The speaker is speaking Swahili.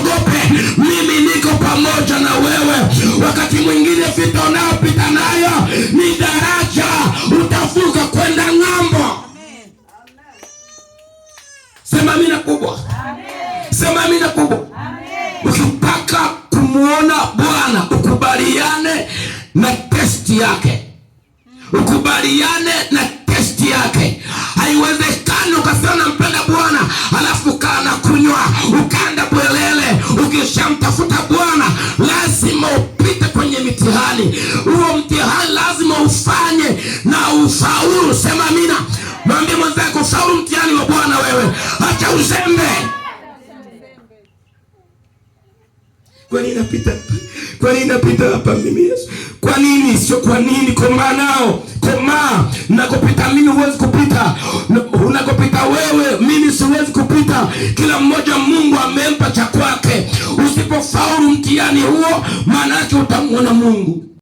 usiogope, mimi niko pamoja na wewe. Wakati mwingine vita unayopita nayo ni daraja, utavuka kwenda ng'ambo. Sema amina kubwa, sema amina kubwa. Ukitaka kumwona Bwana ukubaliane na testi yake, ukubaliane na ukishamtafuta Bwana lazima upite kwenye mitihani. Huo mtihani lazima ufanye na ufaulu. Sema amina, mwambie mwenzako ufaulu mtihani wa Bwana. Wewe acha uzembe. Kwa nini napita? Kwa nini napita hapa mimi Yesu? Kwa nini sio kwa nini? Komaa nao, komaa na kupita mimi huwezi kupita kila mmoja Mungu amempa cha kwake. Usipofaulu mtihani huo, maana yake utamwona Mungu.